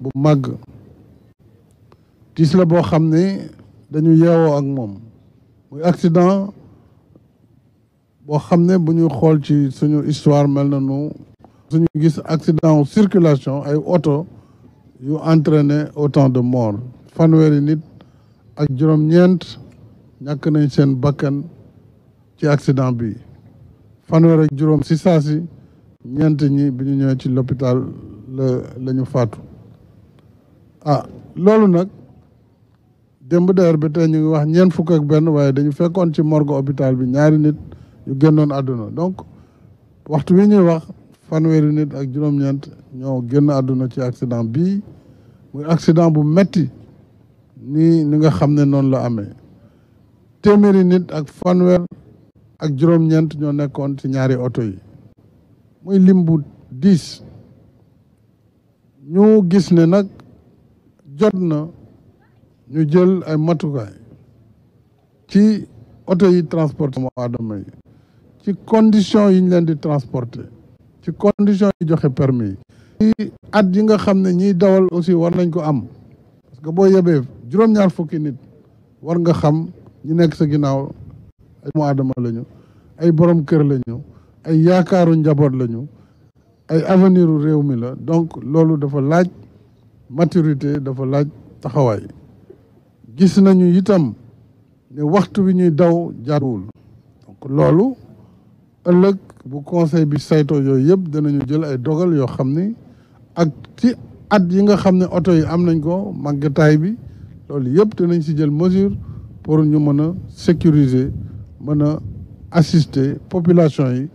bu màgg tiis la boo xam ne dañu yeewoo ak moom muy accident boo xam ne bu ñu xool ci suñu histoire mel na nu suñu gis accident wu circulation ay oto yu entraîné autant de morts fanweeri nit ak juróom-ñeent ñàkk nañ seen bakkan ci accident bi fanweer ak juróom si saasi ñeent ñi bi ñu ñëwee ci l'hôpital lañu la faatu ah loolu nag démb deer bi ñu ngi wax ñeent fukk ak benn waaye dañu fekkoon ci morgo hôpital bi ñaari nit yu génnoon àdduna donc waxtu wi ñuy wax fanweeri nit ak juróom-ñeent ñoo génn àdduna ci accident bii muy accident bu metti nii ni nga xam ne noonu la amee téeméeri nit ak fanweer ak juróom-ñeent ñoo nekkoon ci ñaari oto yi muy lim bu diis ñu gis ne nag jot na ñu jël ay matukaay ci oto yi transporté mu aadama yi ci condition yi ñu leen di transporté ci condition yi joxe permis yi ci at yi nga xam ne ñiy dawal aussi war nañ ko am parce que boo yebee juróom-ñaar fukki nit war nga xam ñu nekk sa ginnaaw ay mu aadama lañu ay borom kër lañu ay yaakaaru njaboot lañu ay avenir réew mi la donc loolu dafa laaj maturité dafa laaj taxawaay gis nañu itam ne waxtu wi ñuy daw jaaruwul donc loolu ëllëg bu conseil bi sayto yooyu yëpp danañu jël ay dogal yoo xam ni ak ci at yi nga xam ne oto yi am nañ ko màggataay bi loolu yëpp danañ si jël mesure pour ñu mën a sécuriser mën a assister population yi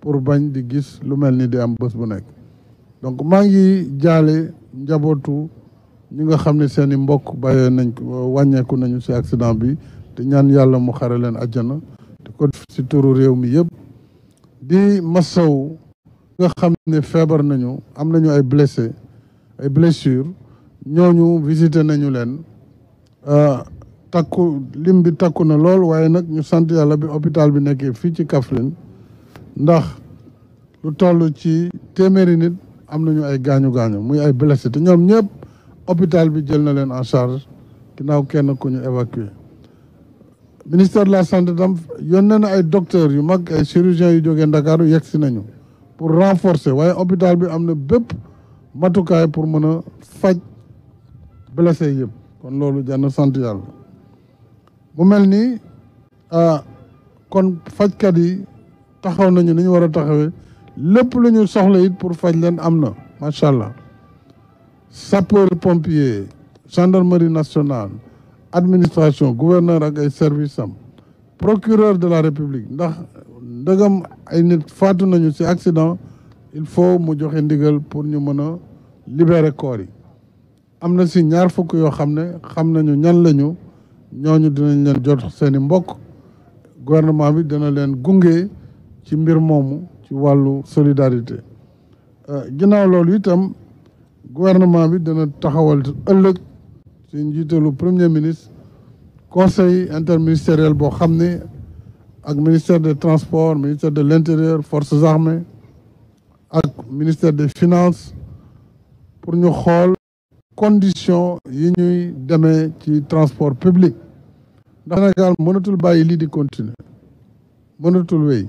pour bañ di gis lu mel ni di am bés bu nekk donc maa ngi jaale njabootu ñu nga xam ne seeni mbokk bàyyee nañ wàññeeku nañu si accident bi te ñaan yàlla mu xare leen àjjana di ko si turu réew mi yëpp di masaw nga xam ne feebar nañu am nañu ay blessé ay blessure ñooñu visité nañu leen euh, takku lim bi takku na lool waaye nag ñu sant yàlla bi hôpital bi nekkee fii ci Kaffrine ndax lu toll ci téeméeri nit am nañu ay gaañu gaañu muy ay blessé te ñoom ñëpp hôpital bi jël na leen en charge ginnaaw kenn ku ñu évacué ministère de la santé tam yónnee na ay docteurs yu mag ay chirurgiens yu jógee Ndakaaru yegg si nañu pour renforcer waaye hôpital bi am na bépp matukaay pour mën a faj blessé yëpp kon loolu jànn sant yàlla mu mel ni ah, kon fajkat yi taxaw nañu ni ñu war a taxawee lépp lu ñu soxla it pour faj leen am na macha allah sapeur pompier gendarmerie nationale administration gouverneur ak ay service am procureur de la république ndax ndëgam ay nit faatu nañu ci accident il faut mu joxe ndigal pour ñu mën a libérer corps yi am na si ñaar fukk yoo xam ne xam nañu ñan lañu ñooñu dinañ leen jot seeni mbokk gouvernement bi dina leen gunge ci mbir moomu ci wàllu solidarité euh, ginnaaw loolu itam gouvernement bi dana taxawal ëllëg ci njiitalu premier ministre conseil interministériel boo xam ne ak ministère de transport ministère de l'intérieur forces armées ak ministère des finance pour ñu xool condition yi ñuy demee ci transport public ndax Sénégal mënatul bàyyi lii di continuer mënatul wéy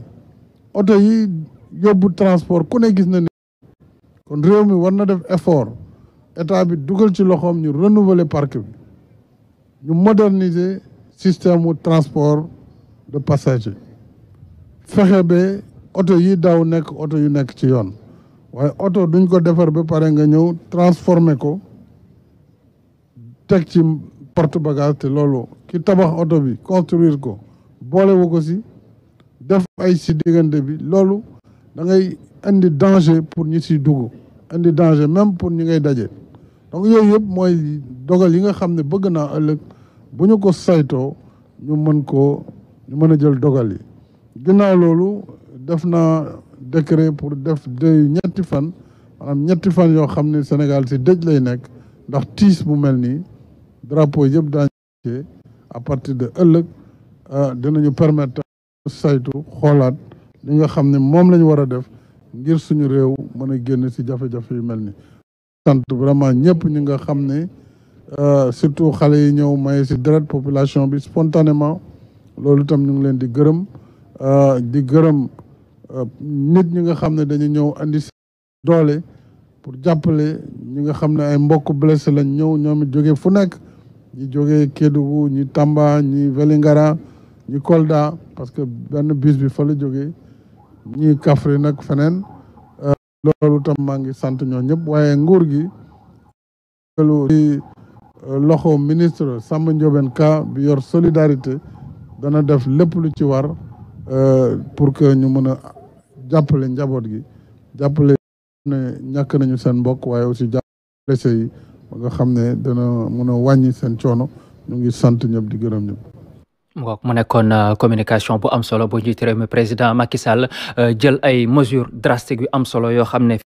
oto yi yóbbu transport ku ne gis na ni kon réew mi war na def effort état bi dugal ci loxoom ñu renouveler parc bi ñu moderniser système mu transport de passager fexe ba oto yi daw nekk oto yu nekk ci yoon waaye oto duñ ko defar ba pare nga ñëw transformer ko teg ci porte bagage te loolu ki tabax oto bi construire ko boolewu ko si def ay si diggante bi loolu da ngay indi danger pour ñi si dugg indi danger même pour ñi ngay daje donc yooyu yëpp mooy dogal yi nga xam ne bëgg naa ëllëg bu ñu ko saytoo ñu mën ko ñu mën a jël dogal yi gën naa loolu def naa décret pour def dëy ñetti fan maanaam ñetti fan yoo xam ne Sénégal si dëj lay nekk ndax tiis bu mel nii drapeau yëpp daañu à partir de ëllëg euh, dinañu permettre saytu xoolaat li nga xam ne moom lañ war a def ngir suñu réew mën a génn ci jafe-jafe yu mel ni sant vraiment ñëpp ñu nga xam ne euh, surtout xale yi ñëw maye ci deret population bi spontanément loolu itam ñu ngi leen di gërëm euh, di gërëm euh, nit ñi nga xam ne dañu ñëw andi doole pour jàppale ñu nga xam ne ay mbokk blessé lañ ñëw ñoom it fu nekk ñi jógee Kédougou ñi Tamba ñi Vélingara ñi Kolda parce que benn bus bi fa la jógee ñi Kaffrine nag feneen euh, loolu tam maa ngi sant ñoo ñëpp waaye nguur gi loolu ci euh, loxo ministre Samba Ndiobène Ka bi yor solidarité dana def lépp lu ci war euh, pour que ñu mën a jàppale njaboot gi jàppale ne ñàkk nañu seen mbokk waaye aussi jàppale yi ba nga xam ne dana mën a wàññi seen coono ñu ngi sant ñëpp di gërëm ñëpp ngook mu nekkoon euh, communication bu am solo bu njiit réew président Macky Sall euh, jël ay mesures drastique yu am solo yoo xam ne